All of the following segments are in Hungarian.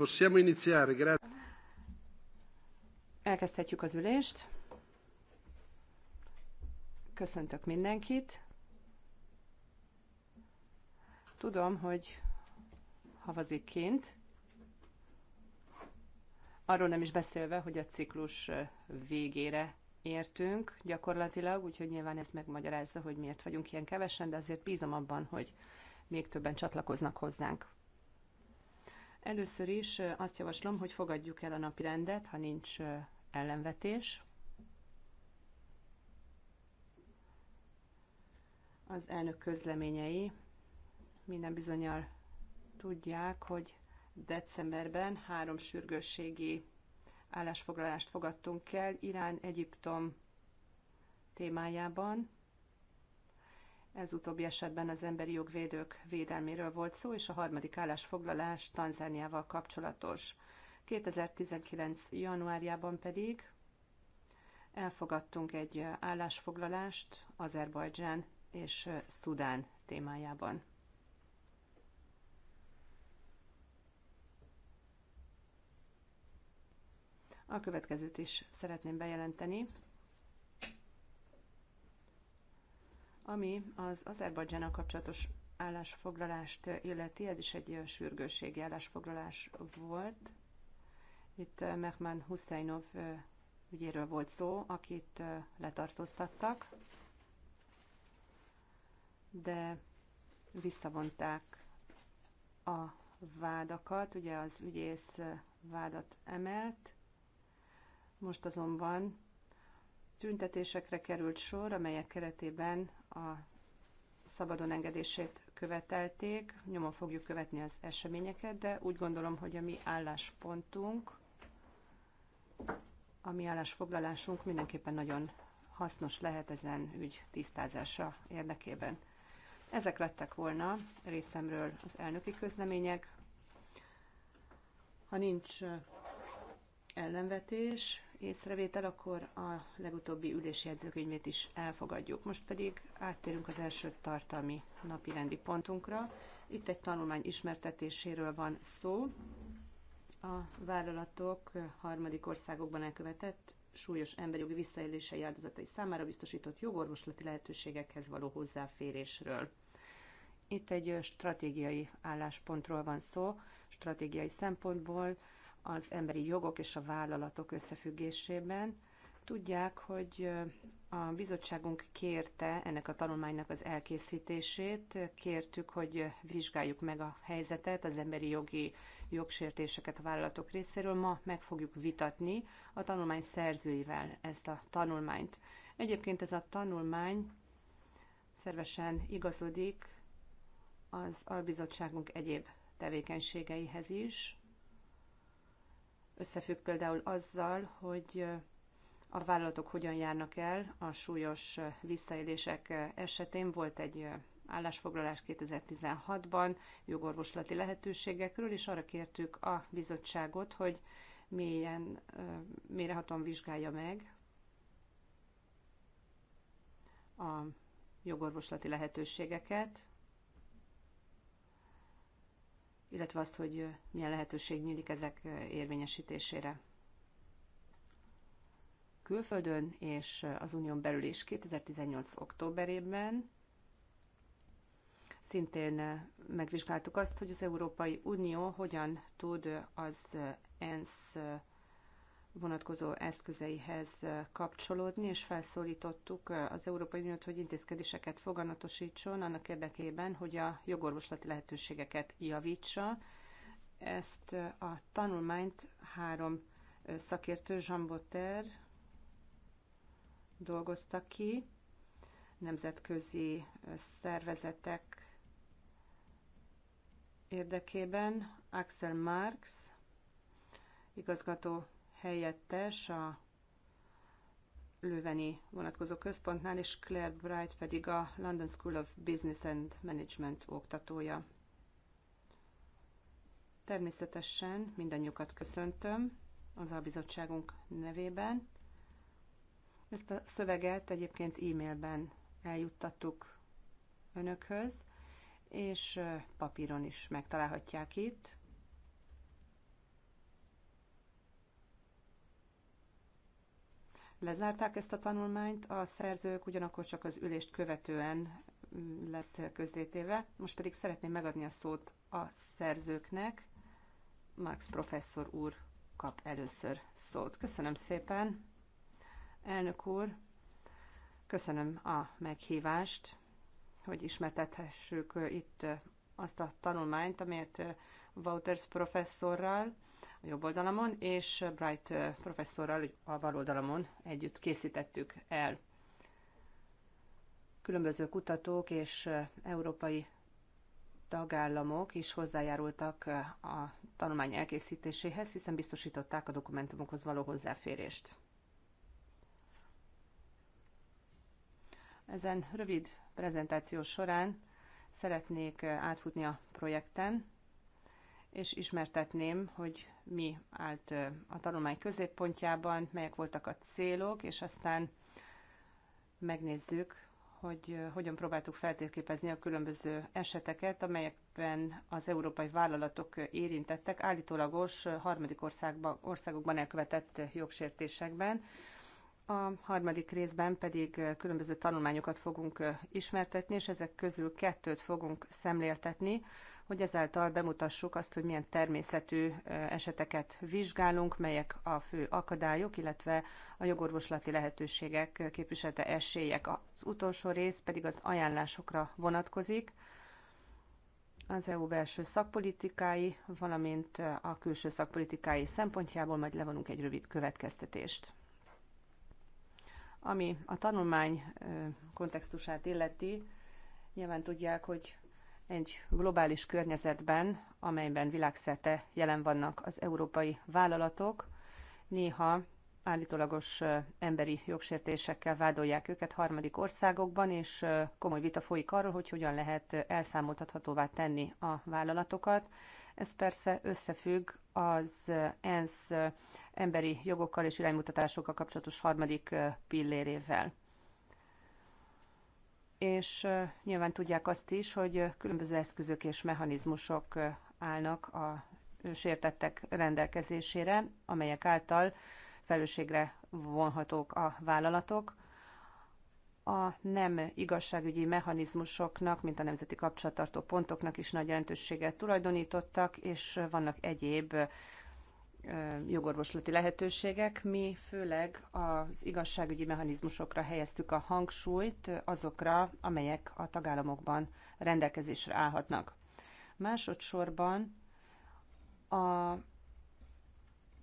Possiamo iniziare, grazie. Elkezdhetjük az ülést. Köszöntök mindenkit. Tudom, hogy havazik kint. Arról nem is beszélve, hogy a ciklus végére értünk gyakorlatilag, úgyhogy nyilván ez megmagyarázza, hogy miért vagyunk ilyen kevesen, de azért bízom abban, hogy még többen csatlakoznak hozzánk. Először is azt javaslom, hogy fogadjuk el a napi rendet, ha nincs ellenvetés. Az elnök közleményei minden bizonyal tudják, hogy decemberben három sürgősségi állásfoglalást fogadtunk el Irán, Egyiptom témájában. Ez utóbbi esetben az emberi jogvédők védelméről volt szó, és a harmadik állásfoglalás Tanzániával kapcsolatos. 2019. januárjában pedig elfogadtunk egy állásfoglalást Azerbajdzsán és Szudán témájában. A következőt is szeretném bejelenteni. Ami az Azerbajdzsánnal kapcsolatos állásfoglalást illeti, ez is egy sürgőségi állásfoglalás volt. Itt Mehman Husseinov ügyéről volt szó, akit letartóztattak, de visszavonták a vádakat, ugye az ügyész vádat emelt, most azonban tüntetésekre került sor, amelyek keretében a szabadon engedését követelték, nyomon fogjuk követni az eseményeket, de úgy gondolom, hogy a mi álláspontunk, a mi állásfoglalásunk mindenképpen nagyon hasznos lehet ezen ügy tisztázása érdekében. Ezek lettek volna részemről az elnöki közlemények. Ha nincs ellenvetés, észrevétel, akkor a legutóbbi ülési jegyzőkönyvét is elfogadjuk. Most pedig áttérünk az első tartalmi napi rendi pontunkra. Itt egy tanulmány ismertetéséről van szó. A vállalatok harmadik országokban elkövetett súlyos emberjogi visszaélései áldozatai számára biztosított jogorvoslati lehetőségekhez való hozzáférésről. Itt egy stratégiai álláspontról van szó, stratégiai szempontból az emberi jogok és a vállalatok összefüggésében. Tudják, hogy a bizottságunk kérte ennek a tanulmánynak az elkészítését, kértük, hogy vizsgáljuk meg a helyzetet, az emberi jogi jogsértéseket a vállalatok részéről. Ma meg fogjuk vitatni a tanulmány szerzőivel ezt a tanulmányt. Egyébként ez a tanulmány szervesen igazodik az albizottságunk egyéb tevékenységeihez is, összefügg például azzal, hogy a vállalatok hogyan járnak el a súlyos visszaélések esetén. Volt egy állásfoglalás 2016-ban jogorvoslati lehetőségekről, és arra kértük a bizottságot, hogy mélyen, mérehatóan vizsgálja meg a jogorvoslati lehetőségeket, illetve azt, hogy milyen lehetőség nyílik ezek érvényesítésére. Külföldön és az unión belül is 2018. októberében szintén megvizsgáltuk azt, hogy az Európai Unió hogyan tud az ENSZ vonatkozó eszközeihez kapcsolódni, és felszólítottuk az Európai Uniót, hogy intézkedéseket foganatosítson annak érdekében, hogy a jogorvoslati lehetőségeket javítsa. Ezt a tanulmányt három szakértő, Jean Botter dolgozta ki, nemzetközi szervezetek érdekében, Axel Marx, igazgató helyettes a Löveni vonatkozó központnál, és Claire Bright pedig a London School of Business and Management oktatója. Természetesen mindannyiukat köszöntöm az albizottságunk nevében. Ezt a szöveget egyébként e-mailben eljuttattuk önökhöz, és papíron is megtalálhatják itt. lezárták ezt a tanulmányt, a szerzők ugyanakkor csak az ülést követően lesz közzétéve. Most pedig szeretném megadni a szót a szerzőknek. Marx professzor úr kap először szót. Köszönöm szépen, elnök úr, köszönöm a meghívást, hogy ismertethessük itt azt a tanulmányt, amelyet Wouters professzorral, a jobb oldalamon, és Bright professzorral a bal oldalamon együtt készítettük el. Különböző kutatók és európai tagállamok is hozzájárultak a tanulmány elkészítéséhez, hiszen biztosították a dokumentumokhoz való hozzáférést. Ezen rövid prezentáció során szeretnék átfutni a projekten, és ismertetném, hogy mi állt a tanulmány középpontjában, melyek voltak a célok, és aztán megnézzük, hogy hogyan próbáltuk feltérképezni a különböző eseteket, amelyekben az európai vállalatok érintettek állítólagos harmadik országba, országokban elkövetett jogsértésekben. A harmadik részben pedig különböző tanulmányokat fogunk ismertetni, és ezek közül kettőt fogunk szemléltetni, hogy ezáltal bemutassuk azt, hogy milyen természetű eseteket vizsgálunk, melyek a fő akadályok, illetve a jogorvoslati lehetőségek képviselte esélyek. Az utolsó rész pedig az ajánlásokra vonatkozik, az EU belső szakpolitikái, valamint a külső szakpolitikái szempontjából majd levonunk egy rövid következtetést. Ami a tanulmány kontextusát illeti, nyilván tudják, hogy egy globális környezetben, amelyben világszerte jelen vannak az európai vállalatok, néha állítólagos emberi jogsértésekkel vádolják őket harmadik országokban, és komoly vita folyik arról, hogy hogyan lehet elszámoltathatóvá tenni a vállalatokat. Ez persze összefügg az ENSZ emberi jogokkal és iránymutatásokkal kapcsolatos harmadik pillérével. És nyilván tudják azt is, hogy különböző eszközök és mechanizmusok állnak a sértettek rendelkezésére, amelyek által felelősségre vonhatók a vállalatok, a nem igazságügyi mechanizmusoknak, mint a nemzeti kapcsolattartó pontoknak is nagy jelentőséget tulajdonítottak, és vannak egyéb jogorvoslati lehetőségek. Mi főleg az igazságügyi mechanizmusokra helyeztük a hangsúlyt, azokra, amelyek a tagállamokban rendelkezésre állhatnak. Másodszorban a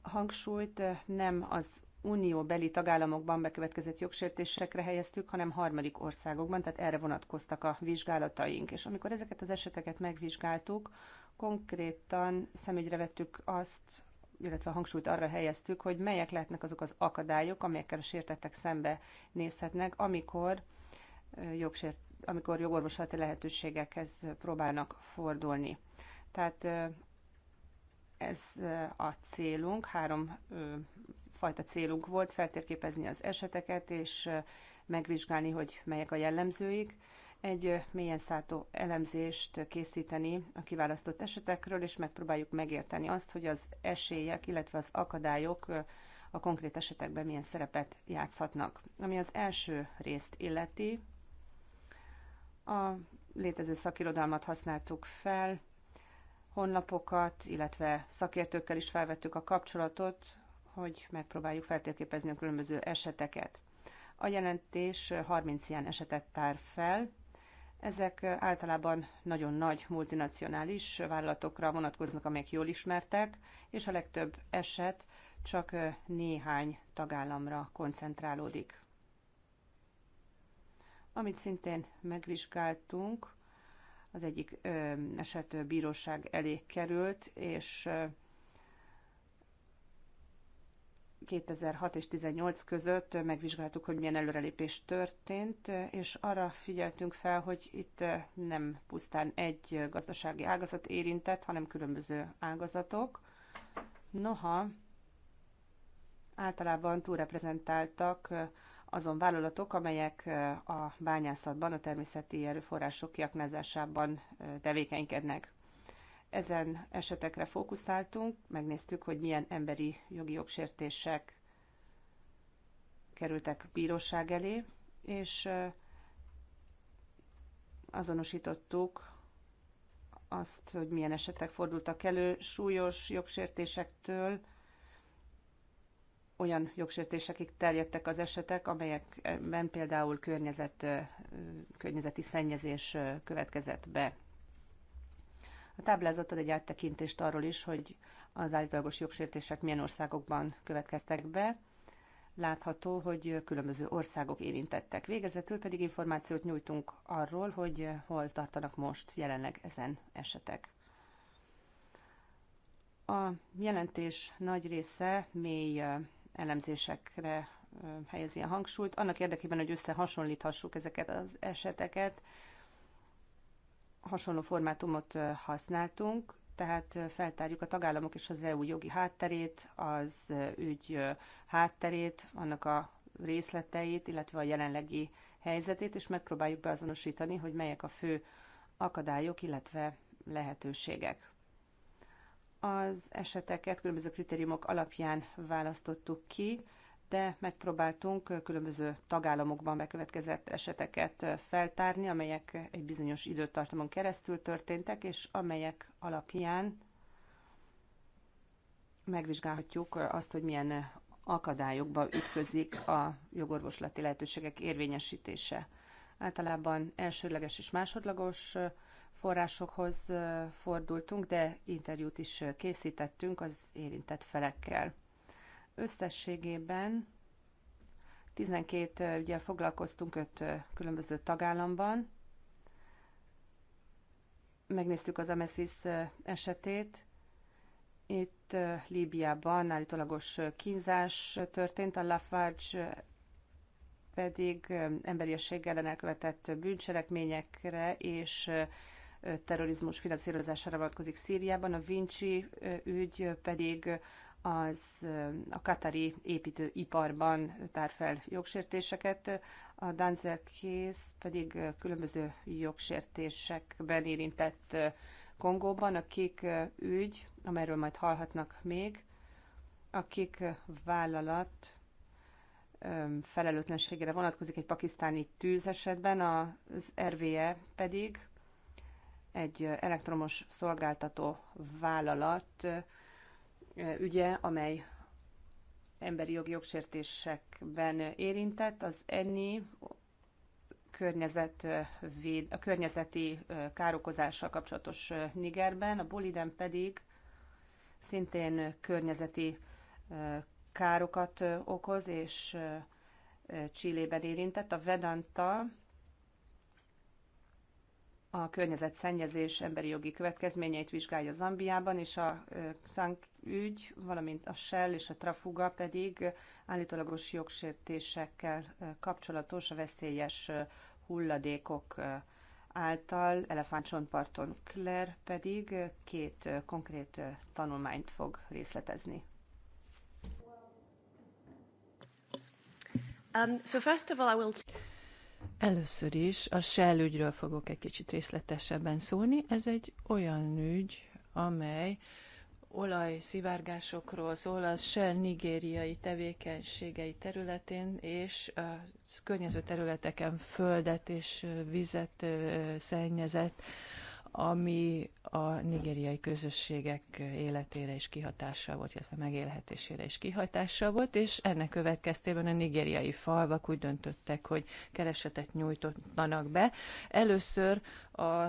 hangsúlyt nem az Unió beli tagállamokban bekövetkezett jogsértésekre helyeztük, hanem harmadik országokban, tehát erre vonatkoztak a vizsgálataink. És amikor ezeket az eseteket megvizsgáltuk, konkrétan szemügyre vettük azt, illetve a hangsúlyt arra helyeztük, hogy melyek lehetnek azok az akadályok, amelyekkel a sértettek szembe nézhetnek, amikor, jogsért, amikor jogorvoslati lehetőségekhez próbálnak fordulni. Tehát ez a célunk, három fajta célunk volt feltérképezni az eseteket, és megvizsgálni, hogy melyek a jellemzőik, egy mélyen szálltó elemzést készíteni a kiválasztott esetekről, és megpróbáljuk megérteni azt, hogy az esélyek, illetve az akadályok a konkrét esetekben milyen szerepet játszhatnak. Ami az első részt illeti, a létező szakirodalmat használtuk fel, honlapokat, illetve szakértőkkel is felvettük a kapcsolatot, hogy megpróbáljuk feltérképezni a különböző eseteket. A jelentés 30 ilyen esetet tár fel, ezek általában nagyon nagy multinacionális vállalatokra vonatkoznak, amelyek jól ismertek, és a legtöbb eset csak néhány tagállamra koncentrálódik. Amit szintén megvizsgáltunk, az egyik eset bíróság elé került, és 2006 és 2018 között megvizsgáltuk, hogy milyen előrelépés történt, és arra figyeltünk fel, hogy itt nem pusztán egy gazdasági ágazat érintett, hanem különböző ágazatok. Noha általában túlreprezentáltak azon vállalatok, amelyek a bányászatban, a természeti erőforrások kiaknázásában tevékenykednek. Ezen esetekre fókuszáltunk, megnéztük, hogy milyen emberi jogi jogsértések kerültek bíróság elé, és azonosítottuk azt, hogy milyen esetek fordultak elő súlyos jogsértésektől, olyan jogsértésekig terjedtek az esetek, amelyekben például környezet, környezeti szennyezés következett be. A ad egy áttekintést arról is, hogy az állítólagos jogsértések milyen országokban következtek be. Látható, hogy különböző országok érintettek. Végezetül pedig információt nyújtunk arról, hogy hol tartanak most jelenleg ezen esetek. A jelentés nagy része mély elemzésekre helyezi a hangsúlyt, annak érdekében, hogy összehasonlíthassuk ezeket az eseteket, hasonló formátumot használtunk, tehát feltárjuk a tagállamok és az EU jogi hátterét, az ügy hátterét, annak a részleteit, illetve a jelenlegi helyzetét, és megpróbáljuk beazonosítani, hogy melyek a fő akadályok, illetve lehetőségek. Az eseteket különböző kritériumok alapján választottuk ki, de megpróbáltunk különböző tagállamokban bekövetkezett eseteket feltárni, amelyek egy bizonyos időtartamon keresztül történtek, és amelyek alapján megvizsgálhatjuk azt, hogy milyen akadályokba ütközik a jogorvoslati lehetőségek érvényesítése. Általában elsődleges és másodlagos forrásokhoz fordultunk, de interjút is készítettünk az érintett felekkel. Összességében 12 ügyel foglalkoztunk 5 különböző tagállamban. Megnéztük az Amesis esetét. Itt Líbiában állítólagos kínzás történt, a Lafarge pedig emberiesség ellen elkövetett bűncselekményekre és terrorizmus finanszírozására vonatkozik Szíriában, a Vinci ügy pedig az a katari építőiparban tár fel jogsértéseket, a Danzer kész pedig különböző jogsértésekben érintett Kongóban, a kék ügy, amelyről majd hallhatnak még, a kék vállalat felelőtlenségére vonatkozik egy pakisztáni tűz esetben, az RVE pedig egy elektromos szolgáltató vállalat ügye, amely emberi jogi jogsértésekben érintett, az ENI környezetvéd, a környezeti károkozással kapcsolatos Nigerben, a Boliden pedig szintén környezeti károkat okoz, és Csillében érintett. A Vedanta a környezetszennyezés emberi jogi következményeit vizsgálja Zambiában, és a Szank ügy, valamint a Shell és a Trafuga pedig állítólagos jogsértésekkel kapcsolatos a veszélyes hulladékok által Elefántcsontparton Claire pedig két konkrét tanulmányt fog részletezni. Um, so first of all, I will... Először is a Shell ügyről fogok egy kicsit részletesebben szólni. Ez egy olyan ügy, amely olajszivárgásokról szól a Shell nigériai tevékenységei területén és a környező területeken földet és vizet szennyezett ami a nigériai közösségek életére is kihatással volt, illetve megélhetésére is kihatással volt, és ennek következtében a nigériai falvak úgy döntöttek, hogy keresetet nyújtottanak be. Először a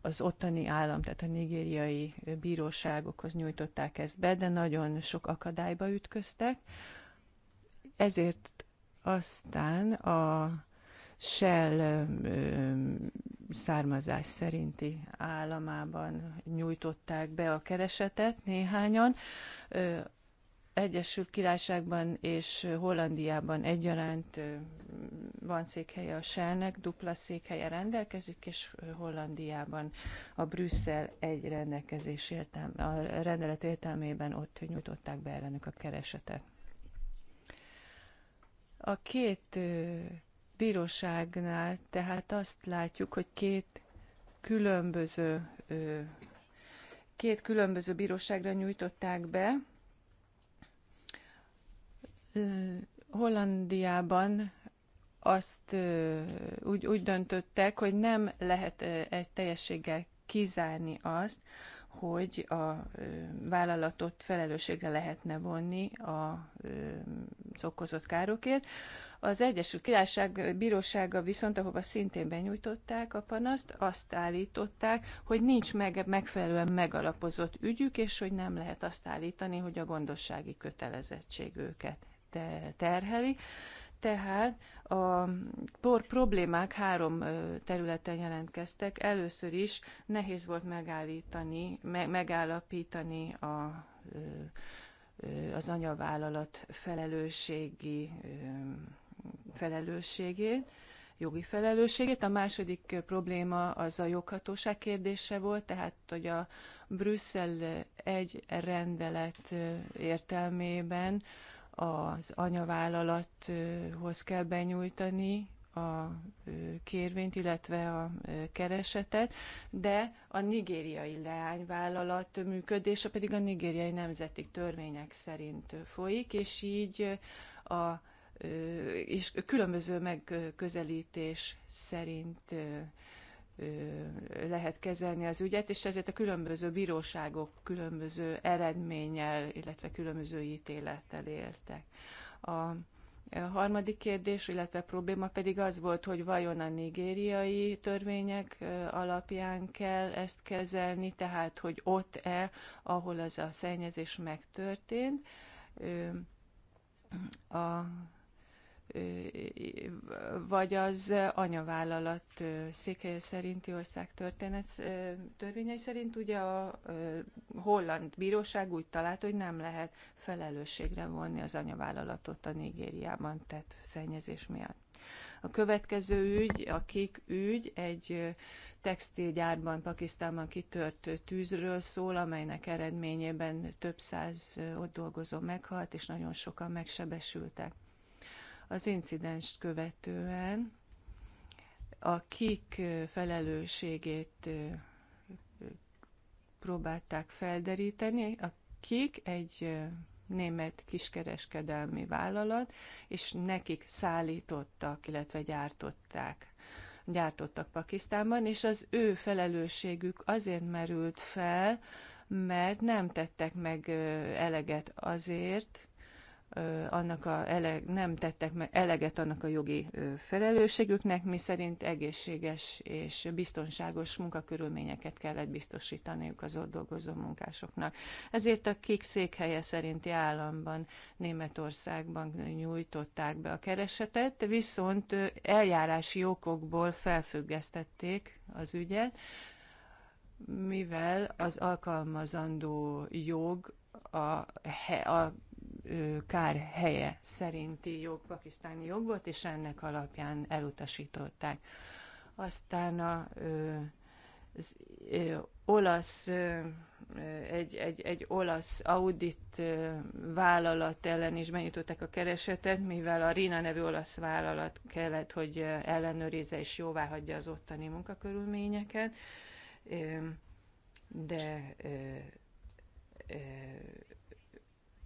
az ottani állam, tehát a nigériai bíróságokhoz nyújtották ezt be, de nagyon sok akadályba ütköztek. Ezért aztán a Shell származás szerinti államában nyújtották be a keresetet néhányan. Egyesült Királyságban és Hollandiában egyaránt van székhelye a Shellnek, dupla székhelye rendelkezik, és Hollandiában a Brüsszel egy rendelkezés értelm, a rendelet értelmében ott nyújtották be ellenük a keresetet. A két bíróságnál, tehát azt látjuk, hogy két különböző két különböző bíróságra nyújtották be. Hollandiában azt úgy, úgy döntöttek, hogy nem lehet egy teljességgel kizárni azt, hogy a vállalatot felelősségre lehetne vonni az okozott károkért. Az Egyesült Királyság bírósága viszont, ahova szintén benyújtották a panaszt, azt állították, hogy nincs meg, megfelelően megalapozott ügyük, és hogy nem lehet azt állítani, hogy a gondossági kötelezettség őket terheli. Tehát a por problémák három területen jelentkeztek. Először is nehéz volt megállítani, me- megállapítani a, az anyavállalat felelősségi felelősségét, jogi felelősségét. A második probléma az a joghatóság kérdése volt, tehát hogy a Brüsszel egy rendelet értelmében az anyavállalathoz kell benyújtani a kérvényt, illetve a keresetet, de a nigériai leányvállalat működése pedig a nigériai nemzeti törvények szerint folyik, és így a és különböző megközelítés szerint lehet kezelni az ügyet, és ezért a különböző bíróságok különböző eredménnyel, illetve különböző ítélettel éltek. A harmadik kérdés, illetve probléma pedig az volt, hogy vajon a nigériai törvények alapján kell ezt kezelni, tehát hogy ott-e, ahol az a szennyezés megtörtént. A vagy az anyavállalat székhelye szerinti ország történet törvényei szerint ugye a holland bíróság úgy talált, hogy nem lehet felelősségre vonni az anyavállalatot a Nigériában tett szennyezés miatt. A következő ügy, a kék ügy, egy textilgyárban, Pakisztánban kitört tűzről szól, amelynek eredményében több száz ott dolgozó meghalt, és nagyon sokan megsebesültek az incidenst követően, a felelősségét próbálták felderíteni. A egy német kiskereskedelmi vállalat, és nekik szállítottak, illetve gyártották gyártottak Pakisztánban, és az ő felelősségük azért merült fel, mert nem tettek meg eleget azért, annak a ele, nem tettek eleget annak a jogi felelősségüknek, mi szerint egészséges és biztonságos munkakörülményeket kellett biztosítaniuk az ott dolgozó munkásoknak. Ezért a KIK székhelye szerinti államban, Németországban nyújtották be a keresetet, viszont eljárási okokból felfüggesztették az ügyet, mivel az alkalmazandó jog a, a kár helye szerinti jog, pakisztáni jog volt, és ennek alapján elutasították. Aztán a, az olasz, egy, egy, egy olasz audit vállalat ellen is benyitották a keresetet, mivel a Rina nevű olasz vállalat kellett, hogy ellenőrizze és jóvá hagyja az ottani munkakörülményeket, de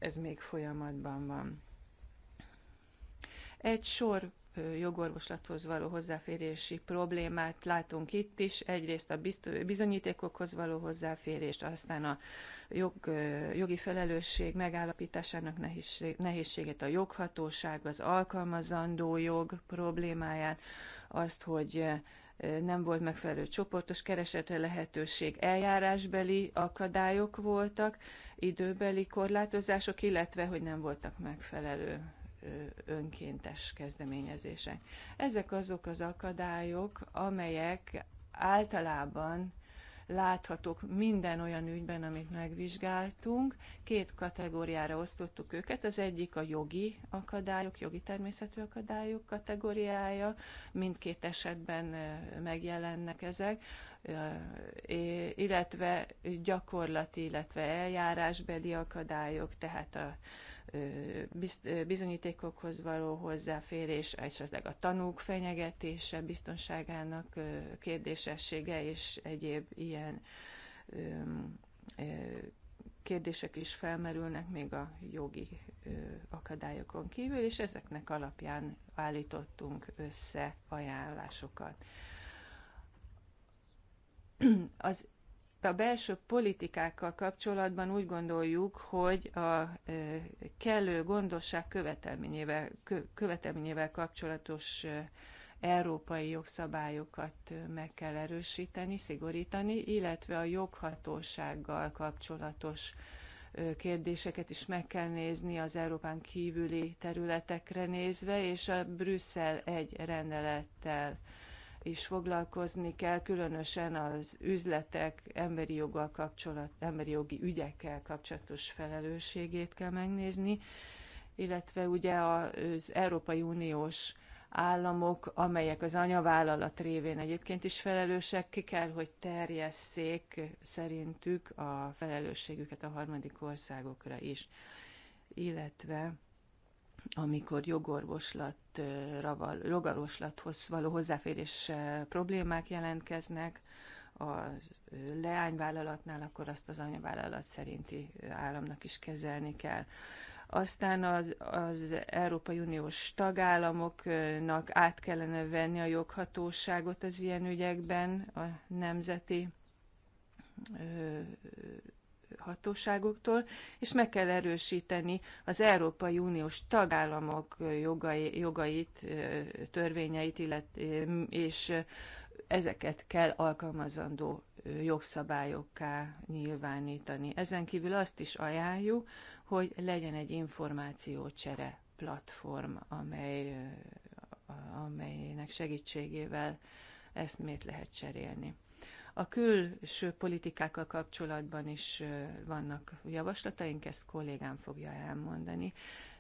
ez még folyamatban van. Egy sor jogorvoslathoz való hozzáférési problémát látunk itt is. Egyrészt a bizonyítékokhoz való hozzáférést, aztán a jog, jogi felelősség megállapításának nehézségét, a joghatóság, az alkalmazandó jog problémáját, azt, hogy nem volt megfelelő csoportos keresetre lehetőség, eljárásbeli akadályok voltak, időbeli korlátozások, illetve hogy nem voltak megfelelő önkéntes kezdeményezések. Ezek azok az akadályok, amelyek általában láthatók minden olyan ügyben, amit megvizsgáltunk. Két kategóriára osztottuk őket. Az egyik a jogi akadályok, jogi természetű akadályok kategóriája. Mindkét esetben megjelennek ezek, illetve gyakorlati, illetve eljárásbeli akadályok, tehát a bizonyítékokhoz való hozzáférés, esetleg a tanúk fenyegetése, biztonságának kérdésessége és egyéb ilyen kérdések is felmerülnek még a jogi akadályokon kívül, és ezeknek alapján állítottunk össze ajánlásokat. Az a belső politikákkal kapcsolatban úgy gondoljuk, hogy a e, kellő gondosság követelményével, követelményével kapcsolatos e, európai jogszabályokat e, meg kell erősíteni, szigorítani, illetve a joghatósággal kapcsolatos kérdéseket is meg kell nézni az Európán kívüli területekre nézve, és a Brüsszel egy rendelettel is foglalkozni kell, különösen az üzletek emberi, joggal kapcsolat, emberi jogi ügyekkel kapcsolatos felelősségét kell megnézni, illetve ugye az Európai Uniós államok, amelyek az anyavállalat révén egyébként is felelősek, ki kell, hogy terjesszék szerintük a felelősségüket a harmadik országokra is, illetve amikor jogorvoslatra, jogorvoslathoz való hozzáférés problémák jelentkeznek, a leányvállalatnál, akkor azt az anyavállalat szerinti államnak is kezelni kell. Aztán az, az Európai Uniós tagállamoknak át kellene venni a joghatóságot az ilyen ügyekben a nemzeti hatóságoktól, és meg kell erősíteni az Európai Uniós tagállamok jogai, jogait, törvényeit, illet, és ezeket kell alkalmazandó jogszabályokká nyilvánítani. Ezen kívül azt is ajánljuk, hogy legyen egy információcsere platform, amely, amelynek segítségével eszmét lehet cserélni. A külső politikákkal kapcsolatban is vannak javaslataink, ezt kollégám fogja elmondani.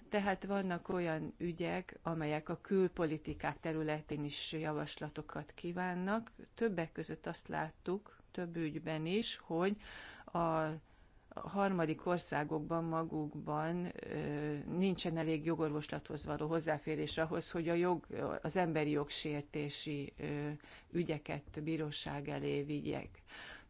Tehát vannak olyan ügyek, amelyek a külpolitikák területén is javaslatokat kívánnak. Többek között azt láttuk több ügyben is, hogy a harmadik országokban magukban nincsen elég jogorvoslathoz való hozzáférés ahhoz, hogy a jog, az emberi jogsértési ügyeket bíróság elé vigyek.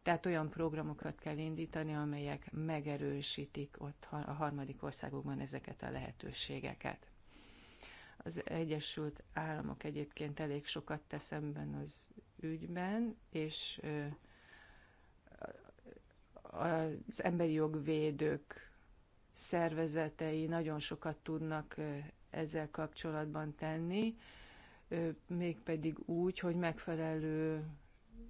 Tehát olyan programokat kell indítani, amelyek megerősítik ott a harmadik országokban ezeket a lehetőségeket. Az Egyesült Államok egyébként elég sokat tesz ebben az ügyben, és az emberi jogvédők szervezetei nagyon sokat tudnak ezzel kapcsolatban tenni, mégpedig úgy, hogy megfelelő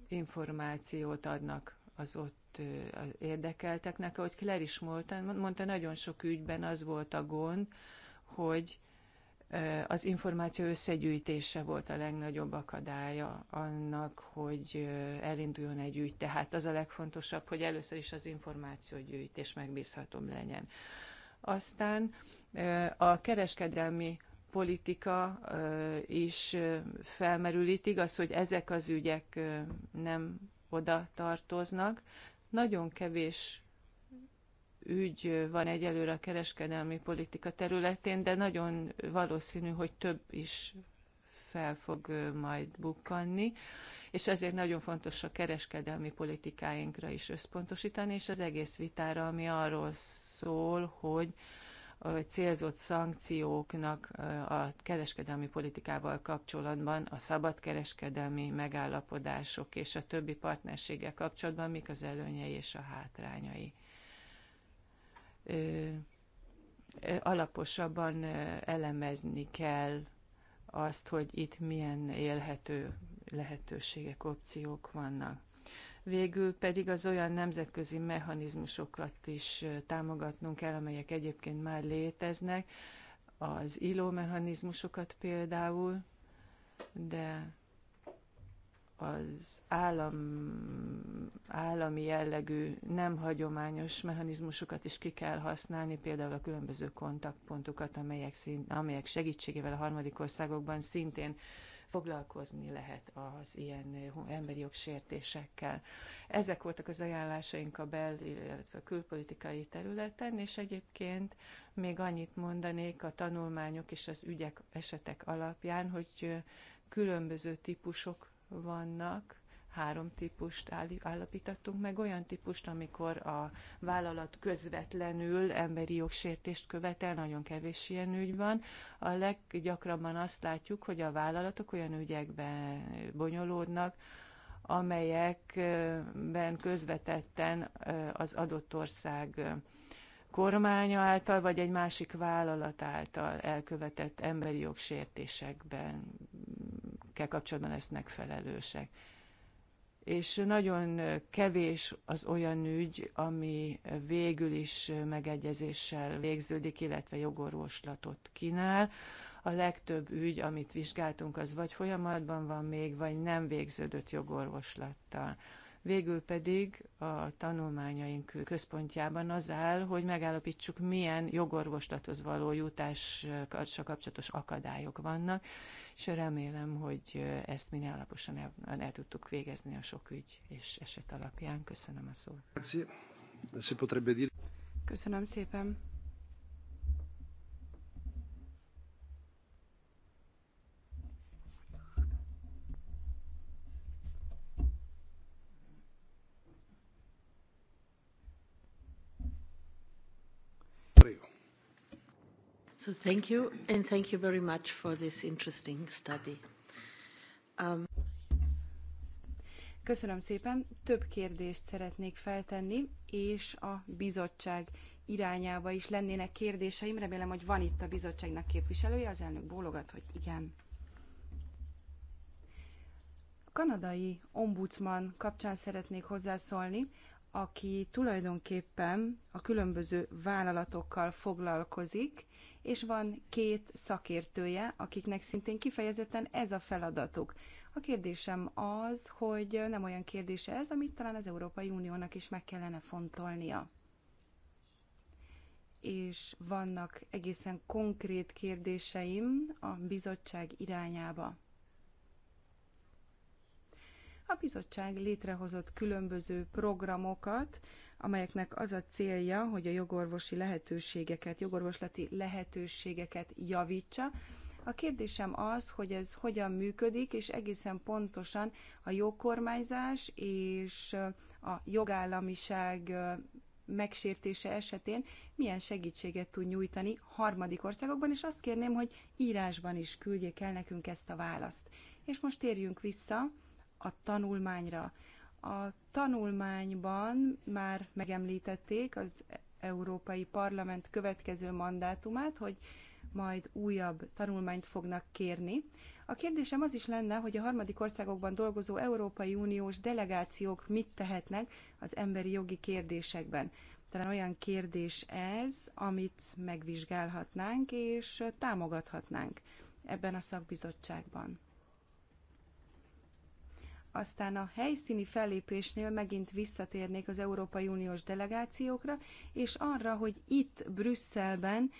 információt adnak az ott érdekelteknek. Ahogy Claire is mondta, mondta, nagyon sok ügyben az volt a gond, hogy az információ összegyűjtése volt a legnagyobb akadálya annak, hogy elinduljon egy ügy. Tehát az a legfontosabb, hogy először is az információgyűjtés megbízhatom legyen. Aztán a kereskedelmi politika is felmerül itt, igaz, hogy ezek az ügyek nem oda tartoznak. Nagyon kevés ügy van egyelőre a kereskedelmi politika területén, de nagyon valószínű, hogy több is fel fog majd bukkanni, és ezért nagyon fontos a kereskedelmi politikáinkra is összpontosítani, és az egész vitára, ami arról szól, hogy célzott szankcióknak a kereskedelmi politikával kapcsolatban, a szabadkereskedelmi megállapodások és a többi partnerséggel kapcsolatban mik az előnyei és a hátrányai alaposabban elemezni kell azt, hogy itt milyen élhető lehetőségek, opciók vannak. Végül pedig az olyan nemzetközi mechanizmusokat is támogatnunk kell, amelyek egyébként már léteznek, az ILO mechanizmusokat például, de az állam, állami jellegű nem hagyományos mechanizmusokat is ki kell használni, például a különböző kontaktpontokat, amelyek, szint, amelyek segítségével a harmadik országokban szintén foglalkozni lehet az ilyen eh, emberi jogsértésekkel. Ezek voltak az ajánlásaink a bel, illetve a külpolitikai területen, és egyébként még annyit mondanék a tanulmányok és az ügyek, esetek alapján, hogy eh, különböző típusok vannak, három típust állapítottunk meg, olyan típust, amikor a vállalat közvetlenül emberi jogsértést követel, nagyon kevés ilyen ügy van. A leggyakrabban azt látjuk, hogy a vállalatok olyan ügyekben bonyolódnak, amelyekben közvetetten az adott ország kormánya által, vagy egy másik vállalat által elkövetett emberi jogsértésekben kell kapcsolatban lesznek felelősek. És nagyon kevés az olyan ügy, ami végül is megegyezéssel végződik, illetve jogorvoslatot kínál. A legtöbb ügy, amit vizsgáltunk, az vagy folyamatban van még, vagy nem végződött jogorvoslattal. Végül pedig a tanulmányaink központjában az áll, hogy megállapítsuk, milyen jogorvoslathoz való jutással kapcsolatos akadályok vannak, és remélem, hogy ezt minél alaposan el, el tudtuk végezni a sok ügy és eset alapján. Köszönöm a szót. Köszönöm szépen. So thank you, and thank you very much for this interesting study. Um... Köszönöm szépen. Több kérdést szeretnék feltenni, és a bizottság irányába is lennének kérdéseim. Remélem, hogy van itt a bizottságnak képviselője. Az elnök bólogat, hogy igen. A kanadai ombudsman kapcsán szeretnék hozzászólni aki tulajdonképpen a különböző vállalatokkal foglalkozik, és van két szakértője, akiknek szintén kifejezetten ez a feladatuk. A kérdésem az, hogy nem olyan kérdése ez, amit talán az Európai Uniónak is meg kellene fontolnia. És vannak egészen konkrét kérdéseim a bizottság irányába. A bizottság létrehozott különböző programokat, amelyeknek az a célja, hogy a jogorvosi lehetőségeket, jogorvoslati lehetőségeket javítsa. A kérdésem az, hogy ez hogyan működik, és egészen pontosan a jogkormányzás és a jogállamiság megsértése esetén milyen segítséget tud nyújtani harmadik országokban, és azt kérném, hogy írásban is küldjék el nekünk ezt a választ. És most térjünk vissza a tanulmányra. A tanulmányban már megemlítették az Európai Parlament következő mandátumát, hogy majd újabb tanulmányt fognak kérni. A kérdésem az is lenne, hogy a harmadik országokban dolgozó Európai Uniós delegációk mit tehetnek az emberi jogi kérdésekben. Talán olyan kérdés ez, amit megvizsgálhatnánk és támogathatnánk ebben a szakbizottságban. Aztán a helyszíni fellépésnél megint visszatérnék az Európai Uniós delegációkra, és arra, hogy itt Brüsszelben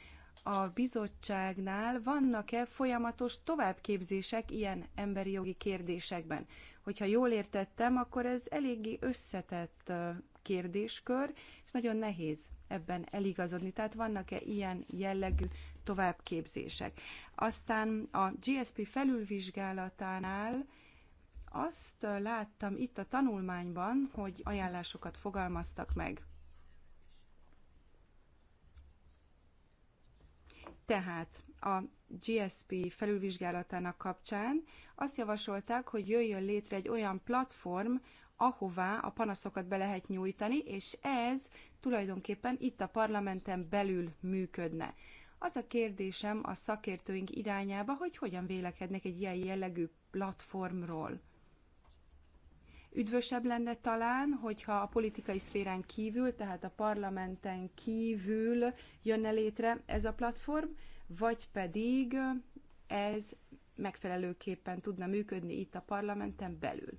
a bizottságnál vannak-e folyamatos továbbképzések ilyen emberi jogi kérdésekben? Hogyha jól értettem, akkor ez eléggé összetett kérdéskör, és nagyon nehéz ebben eligazodni. Tehát vannak-e ilyen jellegű továbbképzések? Aztán a GSP felülvizsgálatánál azt láttam itt a tanulmányban, hogy ajánlásokat fogalmaztak meg. Tehát a GSP felülvizsgálatának kapcsán azt javasolták, hogy jöjjön létre egy olyan platform, ahová a panaszokat be lehet nyújtani, és ez tulajdonképpen itt a parlamenten belül működne. Az a kérdésem a szakértőink irányába, hogy hogyan vélekednek egy ilyen jellegű platformról. Üdvösebb lenne talán, hogyha a politikai szférán kívül, tehát a parlamenten kívül jönne létre ez a platform, vagy pedig ez megfelelőképpen tudna működni itt a parlamenten belül.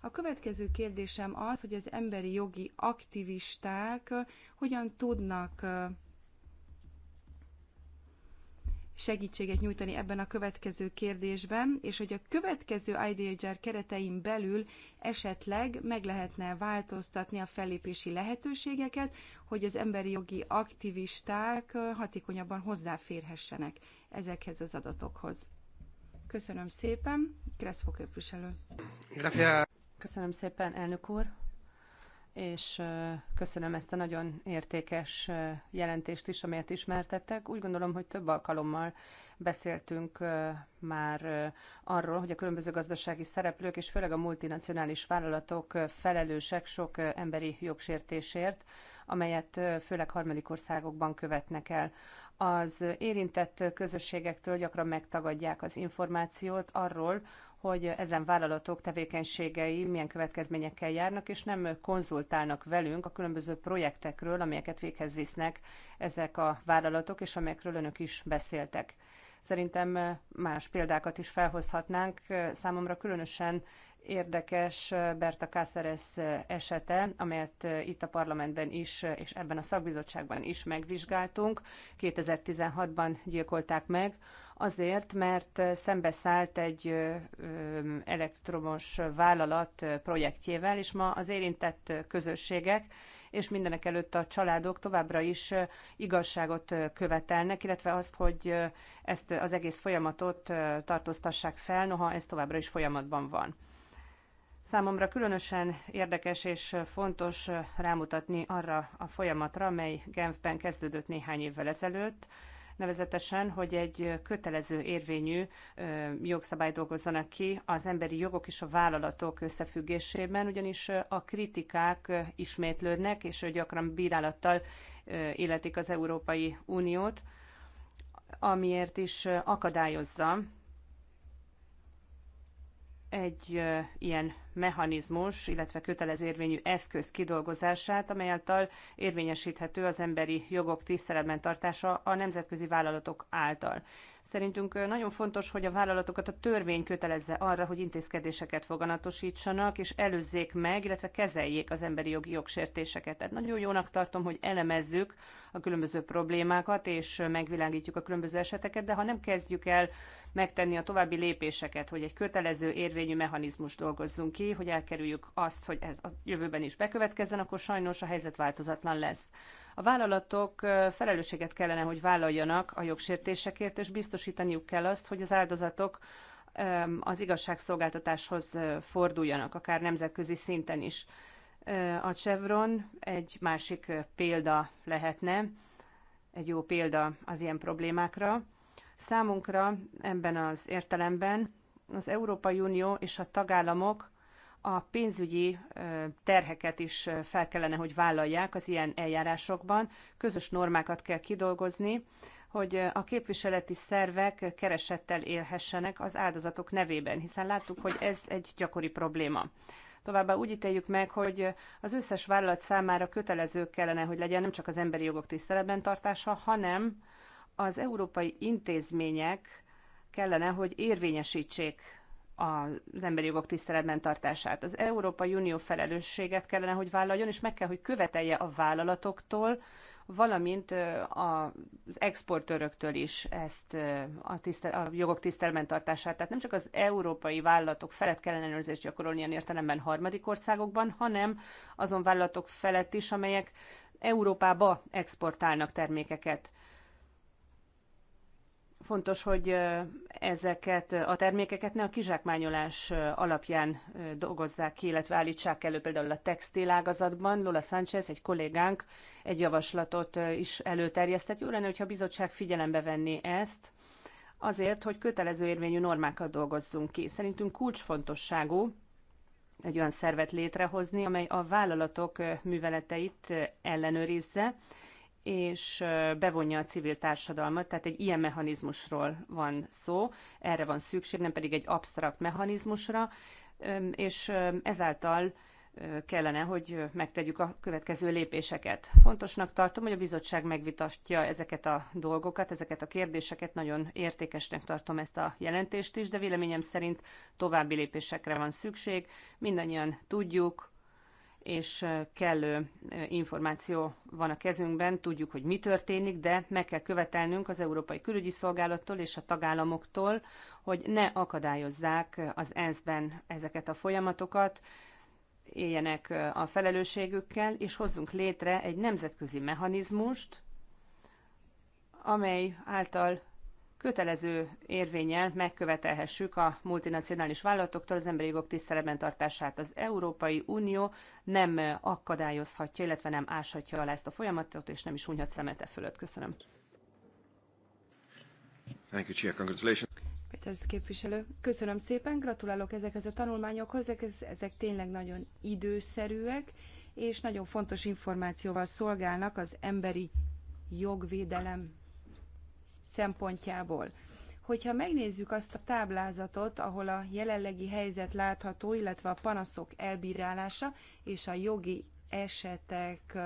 A következő kérdésem az, hogy az emberi jogi aktivisták hogyan tudnak segítséget nyújtani ebben a következő kérdésben, és hogy a következő IDHR keretein belül esetleg meg lehetne változtatni a fellépési lehetőségeket, hogy az emberi jogi aktivisták hatékonyabban hozzáférhessenek ezekhez az adatokhoz. Köszönöm szépen, Kresszfó képviselő. Köszönöm szépen, elnök úr és köszönöm ezt a nagyon értékes jelentést is, amelyet ismertettek. Úgy gondolom, hogy több alkalommal beszéltünk már arról, hogy a különböző gazdasági szereplők és főleg a multinacionális vállalatok felelősek sok emberi jogsértésért, amelyet főleg harmadik országokban követnek el. Az érintett közösségektől gyakran megtagadják az információt arról, hogy ezen vállalatok tevékenységei milyen következményekkel járnak, és nem konzultálnak velünk a különböző projektekről, amelyeket véghez visznek ezek a vállalatok, és amelyekről önök is beszéltek. Szerintem más példákat is felhozhatnánk. Számomra különösen érdekes eh, Berta Cáceres eh, esete, amelyet eh, itt a parlamentben is, és ebben a szakbizottságban is megvizsgáltunk. 2016-ban gyilkolták meg, azért, mert szembeszállt egy elektromos vállalat projektjével, és ma az érintett közösségek és mindenek előtt a családok továbbra is igazságot követelnek, illetve azt, hogy ezt az egész folyamatot tartóztassák fel, noha ez továbbra is folyamatban van. Számomra különösen érdekes és fontos rámutatni arra a folyamatra, amely Genfben kezdődött néhány évvel ezelőtt, nevezetesen, hogy egy kötelező érvényű jogszabály dolgozzanak ki az emberi jogok és a vállalatok összefüggésében, ugyanis a kritikák ismétlődnek, és gyakran bírálattal életik az Európai Uniót, amiért is akadályozza egy ilyen mechanizmus, illetve kötelezérvényű eszköz kidolgozását, amely által érvényesíthető az emberi jogok tiszteletben tartása a nemzetközi vállalatok által. Szerintünk nagyon fontos, hogy a vállalatokat a törvény kötelezze arra, hogy intézkedéseket foganatosítsanak, és előzzék meg, illetve kezeljék az emberi jogi jogsértéseket. Tehát nagyon jónak tartom, hogy elemezzük a különböző problémákat, és megvilágítjuk a különböző eseteket, de ha nem kezdjük el megtenni a további lépéseket, hogy egy kötelező érvényű mechanizmus dolgozzunk ki, hogy elkerüljük azt, hogy ez a jövőben is bekövetkezzen, akkor sajnos a helyzet változatlan lesz. A vállalatok felelősséget kellene, hogy vállaljanak a jogsértésekért, és biztosítaniuk kell azt, hogy az áldozatok az igazságszolgáltatáshoz forduljanak, akár nemzetközi szinten is. A Chevron egy másik példa lehetne, egy jó példa az ilyen problémákra. Számunkra ebben az értelemben az Európai Unió és a tagállamok a pénzügyi terheket is fel kellene, hogy vállalják az ilyen eljárásokban. Közös normákat kell kidolgozni, hogy a képviseleti szervek keresettel élhessenek az áldozatok nevében, hiszen láttuk, hogy ez egy gyakori probléma. Továbbá úgy ítéljük meg, hogy az összes vállalat számára kötelező kellene, hogy legyen nem csak az emberi jogok tiszteletben tartása, hanem az európai intézmények kellene, hogy érvényesítsék az emberi jogok tiszteletben tartását. Az Európai Unió felelősséget kellene, hogy vállaljon, és meg kell, hogy követelje a vállalatoktól, valamint az exportőröktől is ezt a, tisztel, a jogok tiszteletben tartását. Tehát nem csak az európai vállalatok felett kellene ellenőrzést gyakorolni ilyen értelemben harmadik országokban, hanem azon vállalatok felett is, amelyek Európába exportálnak termékeket. Fontos, hogy ezeket a termékeket ne a kizsákmányolás alapján dolgozzák ki, illetve állítsák elő például a textilágazatban. Lola Sánchez, egy kollégánk, egy javaslatot is előterjesztett. Jó lenne, hogyha a bizottság figyelembe venné ezt, azért, hogy kötelező érvényű normákat dolgozzunk ki. Szerintünk kulcsfontosságú egy olyan szervet létrehozni, amely a vállalatok műveleteit ellenőrizze, és bevonja a civil társadalmat, tehát egy ilyen mechanizmusról van szó, erre van szükség, nem pedig egy absztrakt mechanizmusra, és ezáltal kellene, hogy megtegyük a következő lépéseket. Fontosnak tartom, hogy a bizottság megvitatja ezeket a dolgokat, ezeket a kérdéseket, nagyon értékesnek tartom ezt a jelentést is, de véleményem szerint további lépésekre van szükség. Mindannyian tudjuk, és kellő információ van a kezünkben, tudjuk, hogy mi történik, de meg kell követelnünk az Európai Külügyi Szolgálattól és a tagállamoktól, hogy ne akadályozzák az ENSZ-ben ezeket a folyamatokat, éljenek a felelősségükkel, és hozzunk létre egy nemzetközi mechanizmust, amely által kötelező érvényel megkövetelhessük a multinacionális vállalatoktól az emberi jogok tiszteletben tartását. Az Európai Unió nem akadályozhatja, illetve nem áshatja alá ezt a folyamatot, és nem is hunyhat szemete fölött. Köszönöm. Thank you, Chair. Congratulations. képviselő, köszönöm szépen, gratulálok ezekhez a tanulmányokhoz, ezek, ezek tényleg nagyon időszerűek, és nagyon fontos információval szolgálnak az emberi jogvédelem szempontjából. Hogyha megnézzük azt a táblázatot, ahol a jelenlegi helyzet látható, illetve a panaszok elbírálása és a jogi esetek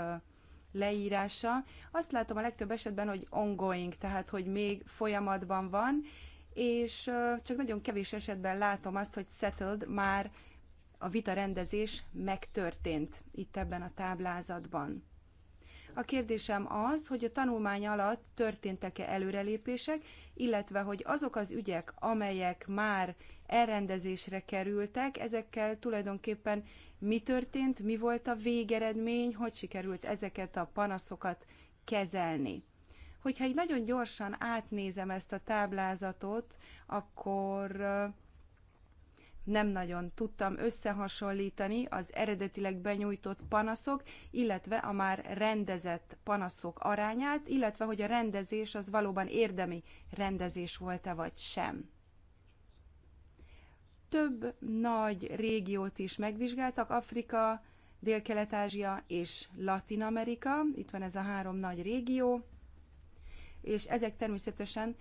leírása, azt látom a legtöbb esetben, hogy ongoing, tehát hogy még folyamatban van, és csak nagyon kevés esetben látom azt, hogy settled már a vita rendezés megtörtént itt ebben a táblázatban. A kérdésem az, hogy a tanulmány alatt történtek-e előrelépések, illetve hogy azok az ügyek, amelyek már elrendezésre kerültek, ezekkel tulajdonképpen mi történt, mi volt a végeredmény, hogy sikerült ezeket a panaszokat kezelni. Hogyha így nagyon gyorsan átnézem ezt a táblázatot, akkor nem nagyon tudtam összehasonlítani az eredetileg benyújtott panaszok, illetve a már rendezett panaszok arányát, illetve hogy a rendezés az valóban érdemi rendezés volt-e vagy sem több nagy régiót is megvizsgáltak, Afrika, Dél-Kelet-Ázsia és Latin-Amerika, itt van ez a három nagy régió, és ezek természetesen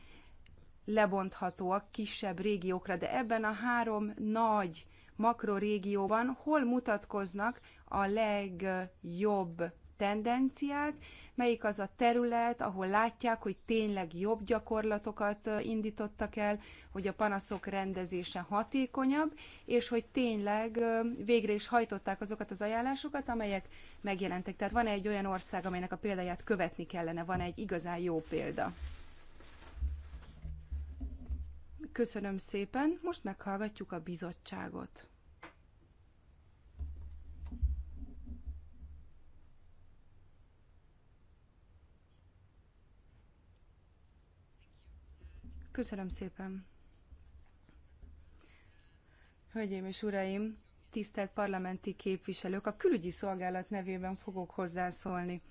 lebonthatóak kisebb régiókra, de ebben a három nagy makrorégióban hol mutatkoznak a legjobb tendenciák, melyik az a terület, ahol látják, hogy tényleg jobb gyakorlatokat indítottak el, hogy a panaszok rendezése hatékonyabb, és hogy tényleg végre is hajtották azokat az ajánlásokat, amelyek megjelentek. Tehát van -e egy olyan ország, amelynek a példáját követni kellene, van -e egy igazán jó példa. Köszönöm szépen, most meghallgatjuk a bizottságot. Köszönöm szépen. Hölgyeim és uraim, tisztelt parlamenti képviselők, a külügyi szolgálat nevében fogok hozzászólni.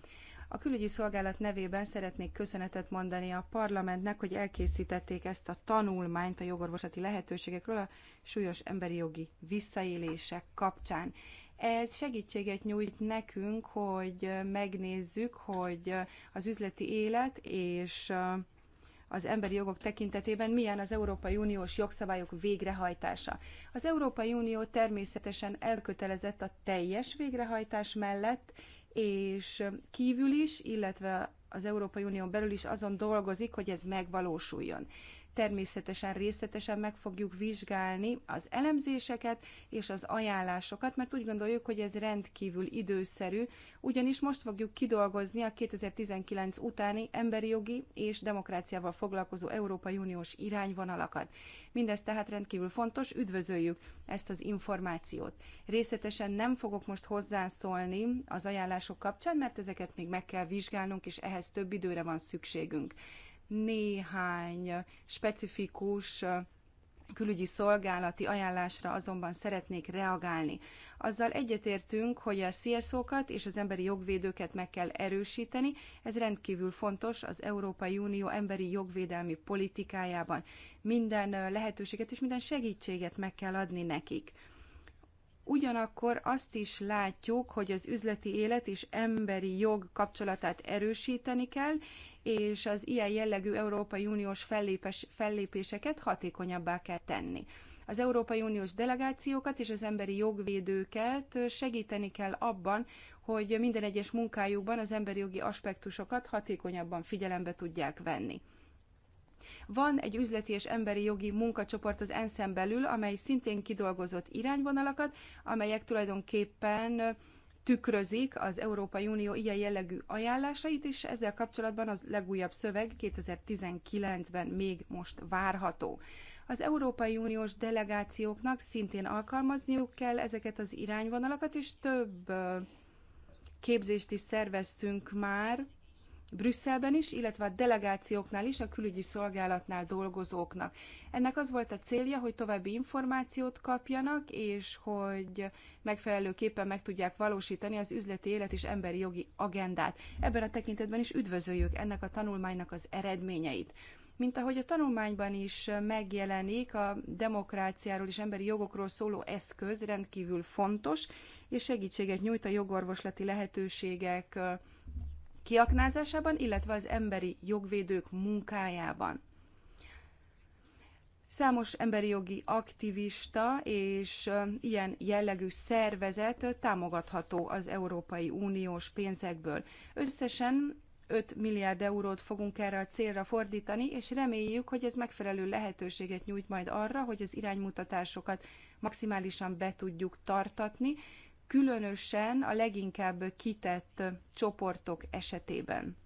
A külügyi szolgálat nevében szeretnék köszönetet mondani a parlamentnek, hogy elkészítették ezt a tanulmányt a jogorvosati lehetőségekről a súlyos emberi jogi visszaélések kapcsán. Ez segítséget nyújt nekünk, hogy megnézzük, hogy az üzleti élet és az emberi jogok tekintetében milyen az Európai Uniós jogszabályok végrehajtása. Az Európai Unió természetesen elkötelezett a teljes végrehajtás mellett, és kívül is, illetve az Európai Unión belül is azon dolgozik, hogy ez megvalósuljon. Természetesen részletesen meg fogjuk vizsgálni az elemzéseket és az ajánlásokat, mert úgy gondoljuk, hogy ez rendkívül időszerű, ugyanis most fogjuk kidolgozni a 2019 utáni emberi jogi és demokráciával foglalkozó Európai Uniós irányvonalakat. Mindez tehát rendkívül fontos, üdvözöljük ezt az információt. Részletesen nem fogok most hozzászólni az ajánlások kapcsán, mert ezeket még meg kell vizsgálnunk, és ehhez több időre van szükségünk. Néhány specifikus külügyi szolgálati ajánlásra azonban szeretnék reagálni. Azzal egyetértünk, hogy a CSO-kat és az emberi jogvédőket meg kell erősíteni, ez rendkívül fontos az Európai Unió emberi jogvédelmi politikájában. Minden lehetőséget és minden segítséget meg kell adni nekik. Ugyanakkor azt is látjuk, hogy az üzleti élet és emberi jog kapcsolatát erősíteni kell, és az ilyen jellegű Európai Uniós fellépes, fellépéseket hatékonyabbá kell tenni. Az Európai Uniós delegációkat és az emberi jogvédőket segíteni kell abban, hogy minden egyes munkájukban az emberi jogi aspektusokat hatékonyabban figyelembe tudják venni. Van egy üzleti és emberi jogi munkacsoport az ENSZ-en belül, amely szintén kidolgozott irányvonalakat, amelyek tulajdonképpen tükrözik az Európai Unió ilyen jellegű ajánlásait, és ezzel kapcsolatban az legújabb szöveg 2019-ben még most várható. Az Európai Uniós delegációknak szintén alkalmazniuk kell ezeket az irányvonalakat, és több képzést is szerveztünk már Brüsszelben is, illetve a delegációknál is, a külügyi szolgálatnál dolgozóknak. Ennek az volt a célja, hogy további információt kapjanak, és hogy megfelelőképpen meg tudják valósítani az üzleti élet és emberi jogi agendát. Ebben a tekintetben is üdvözöljük ennek a tanulmánynak az eredményeit. Mint ahogy a tanulmányban is megjelenik, a demokráciáról és emberi jogokról szóló eszköz rendkívül fontos, és segítséget nyújt a jogorvoslati lehetőségek kiaknázásában, illetve az emberi jogvédők munkájában. Számos emberi jogi aktivista és ilyen jellegű szervezet támogatható az Európai Uniós pénzekből. Összesen 5 milliárd eurót fogunk erre a célra fordítani, és reméljük, hogy ez megfelelő lehetőséget nyújt majd arra, hogy az iránymutatásokat maximálisan be tudjuk tartatni, különösen a leginkább kitett csoportok esetében.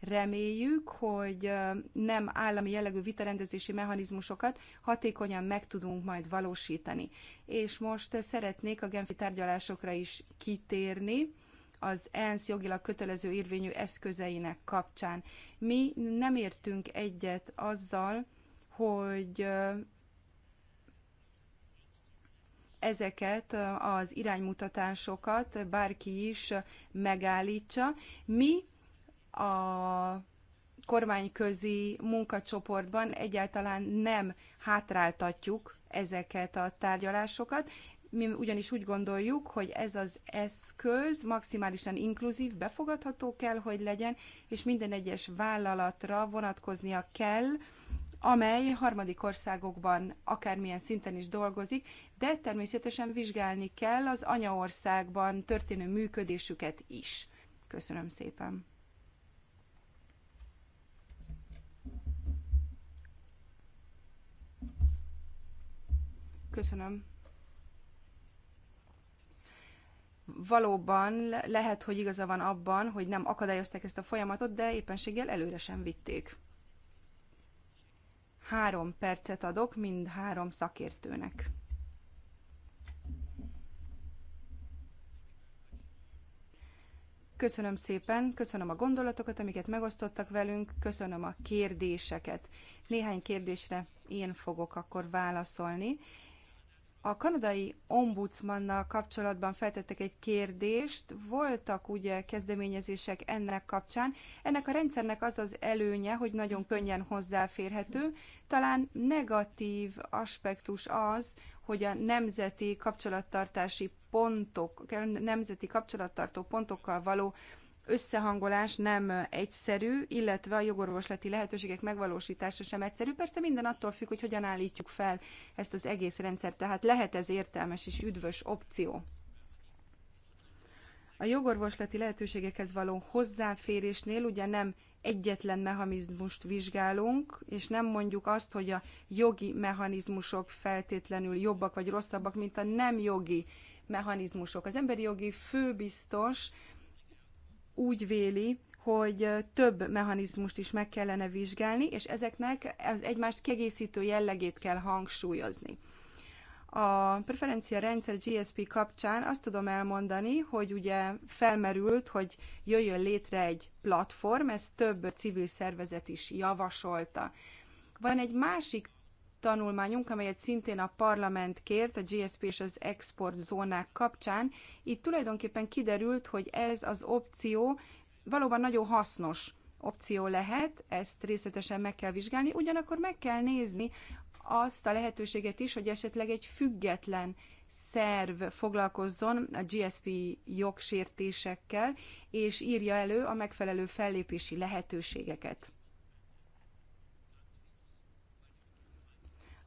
Reméljük, hogy nem állami jellegű vitarendezési mechanizmusokat hatékonyan meg tudunk majd valósítani. És most szeretnék a genfi tárgyalásokra is kitérni az ENSZ jogilag kötelező érvényű eszközeinek kapcsán. Mi nem értünk egyet azzal, hogy ezeket az iránymutatásokat bárki is megállítsa. Mi a kormányközi munkacsoportban egyáltalán nem hátráltatjuk ezeket a tárgyalásokat, mi ugyanis úgy gondoljuk, hogy ez az eszköz maximálisan inkluzív, befogadható kell, hogy legyen, és minden egyes vállalatra vonatkoznia kell amely harmadik országokban akármilyen szinten is dolgozik, de természetesen vizsgálni kell az anyaországban történő működésüket is. Köszönöm szépen! Köszönöm. Valóban lehet, hogy igaza van abban, hogy nem akadályozták ezt a folyamatot, de éppenséggel előre sem vitték. Három percet adok mind három szakértőnek. Köszönöm szépen, köszönöm a gondolatokat, amiket megosztottak velünk, köszönöm a kérdéseket. Néhány kérdésre én fogok akkor válaszolni, a kanadai ombudsmannal kapcsolatban feltettek egy kérdést, voltak ugye kezdeményezések ennek kapcsán. Ennek a rendszernek az az előnye, hogy nagyon könnyen hozzáférhető. Talán negatív aspektus az, hogy a nemzeti kapcsolattartási pontok, nemzeti kapcsolattartó pontokkal való összehangolás nem egyszerű, illetve a jogorvoslati lehetőségek megvalósítása sem egyszerű. Persze minden attól függ, hogy hogyan állítjuk fel ezt az egész rendszert, tehát lehet ez értelmes és üdvös opció. A jogorvoslati lehetőségekhez való hozzáférésnél ugye nem egyetlen mechanizmust vizsgálunk, és nem mondjuk azt, hogy a jogi mechanizmusok feltétlenül jobbak vagy rosszabbak, mint a nem jogi mechanizmusok. Az emberi jogi főbiztos úgy véli, hogy több mechanizmust is meg kellene vizsgálni, és ezeknek az egymást kiegészítő jellegét kell hangsúlyozni. A preferencia rendszer GSP kapcsán azt tudom elmondani, hogy ugye felmerült, hogy jöjjön létre egy platform, ezt több civil szervezet is javasolta. Van egy másik tanulmányunk, amelyet szintén a parlament kért a GSP és az export zónák kapcsán. Itt tulajdonképpen kiderült, hogy ez az opció valóban nagyon hasznos opció lehet, ezt részletesen meg kell vizsgálni, ugyanakkor meg kell nézni azt a lehetőséget is, hogy esetleg egy független szerv foglalkozzon a GSP jogsértésekkel, és írja elő a megfelelő fellépési lehetőségeket.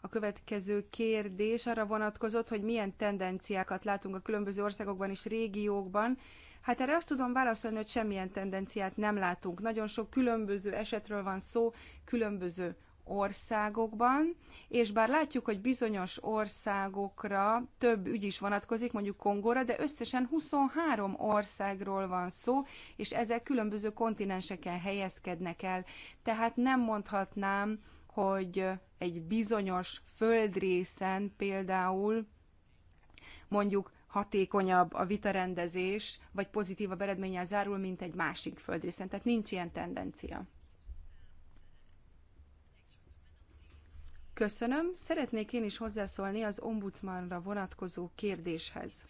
A következő kérdés arra vonatkozott, hogy milyen tendenciákat látunk a különböző országokban és régiókban. Hát erre azt tudom válaszolni, hogy semmilyen tendenciát nem látunk. Nagyon sok különböző esetről van szó, különböző országokban, és bár látjuk, hogy bizonyos országokra több ügy is vonatkozik, mondjuk Kongóra, de összesen 23 országról van szó, és ezek különböző kontinenseken helyezkednek el. Tehát nem mondhatnám, hogy egy bizonyos földrészen például mondjuk hatékonyabb a vitarendezés, vagy pozitívabb eredménnyel zárul, mint egy másik földrészen. Tehát nincs ilyen tendencia. Köszönöm. Szeretnék én is hozzászólni az ombudsmanra vonatkozó kérdéshez.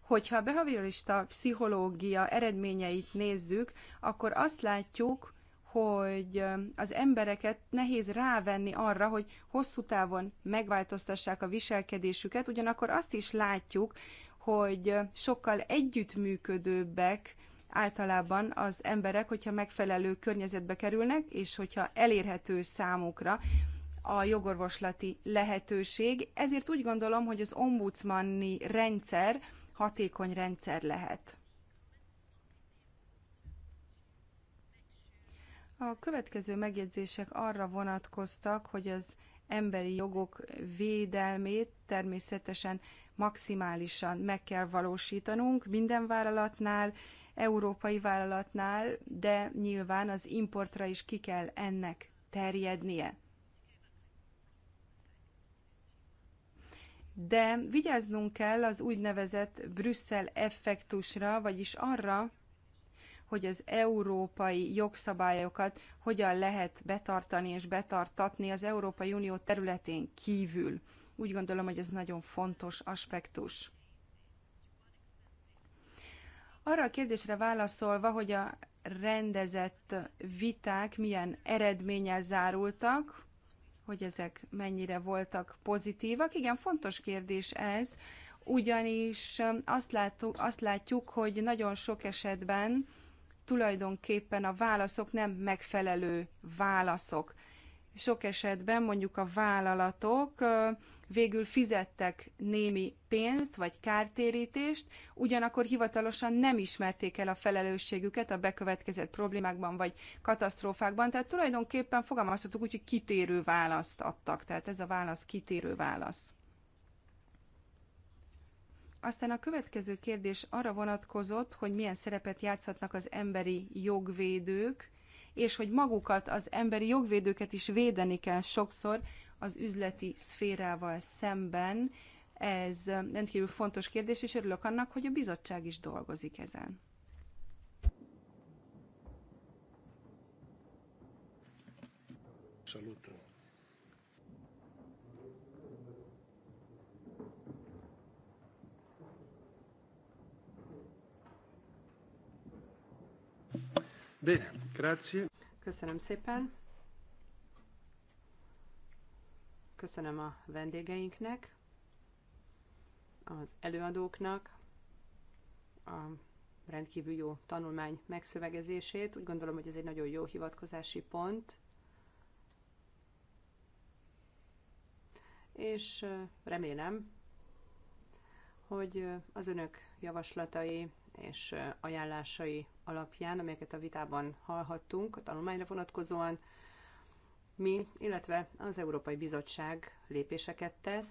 Hogyha a behaviorista pszichológia eredményeit nézzük, akkor azt látjuk, hogy az embereket nehéz rávenni arra, hogy hosszú távon megváltoztassák a viselkedésüket, ugyanakkor azt is látjuk, hogy sokkal együttműködőbbek általában az emberek, hogyha megfelelő környezetbe kerülnek, és hogyha elérhető számukra a jogorvoslati lehetőség. Ezért úgy gondolom, hogy az ombudsmanni rendszer hatékony rendszer lehet. A következő megjegyzések arra vonatkoztak, hogy az emberi jogok védelmét természetesen maximálisan meg kell valósítanunk minden vállalatnál, európai vállalatnál, de nyilván az importra is ki kell ennek terjednie. De vigyáznunk kell az úgynevezett Brüsszel effektusra, vagyis arra, hogy az európai jogszabályokat hogyan lehet betartani és betartatni az Európai Unió területén kívül. Úgy gondolom, hogy ez nagyon fontos aspektus. Arra a kérdésre válaszolva, hogy a rendezett viták milyen eredménnyel zárultak, hogy ezek mennyire voltak pozitívak. Igen, fontos kérdés ez, ugyanis azt, azt látjuk, hogy nagyon sok esetben tulajdonképpen a válaszok nem megfelelő válaszok. Sok esetben mondjuk a vállalatok végül fizettek némi pénzt vagy kártérítést, ugyanakkor hivatalosan nem ismerték el a felelősségüket a bekövetkezett problémákban vagy katasztrófákban, tehát tulajdonképpen fogalmazhatók úgy, hogy kitérő választ adtak, tehát ez a válasz kitérő válasz. Aztán a következő kérdés arra vonatkozott, hogy milyen szerepet játszhatnak az emberi jogvédők, és hogy magukat, az emberi jogvédőket is védeni kell sokszor az üzleti szférával szemben. Ez rendkívül fontos kérdés, és örülök annak, hogy a bizottság is dolgozik ezen. Saluto. Bene, grazie. Köszönöm szépen. Köszönöm a vendégeinknek, az előadóknak, a rendkívül jó tanulmány megszövegezését. Úgy gondolom, hogy ez egy nagyon jó hivatkozási pont. És remélem, hogy az önök javaslatai és ajánlásai alapján, amelyeket a vitában hallhattunk a tanulmányra vonatkozóan, mi, illetve az Európai Bizottság lépéseket tesz,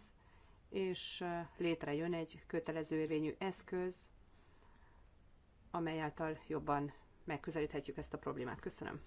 és létrejön egy kötelező érvényű eszköz, amely által jobban megközelíthetjük ezt a problémát. Köszönöm.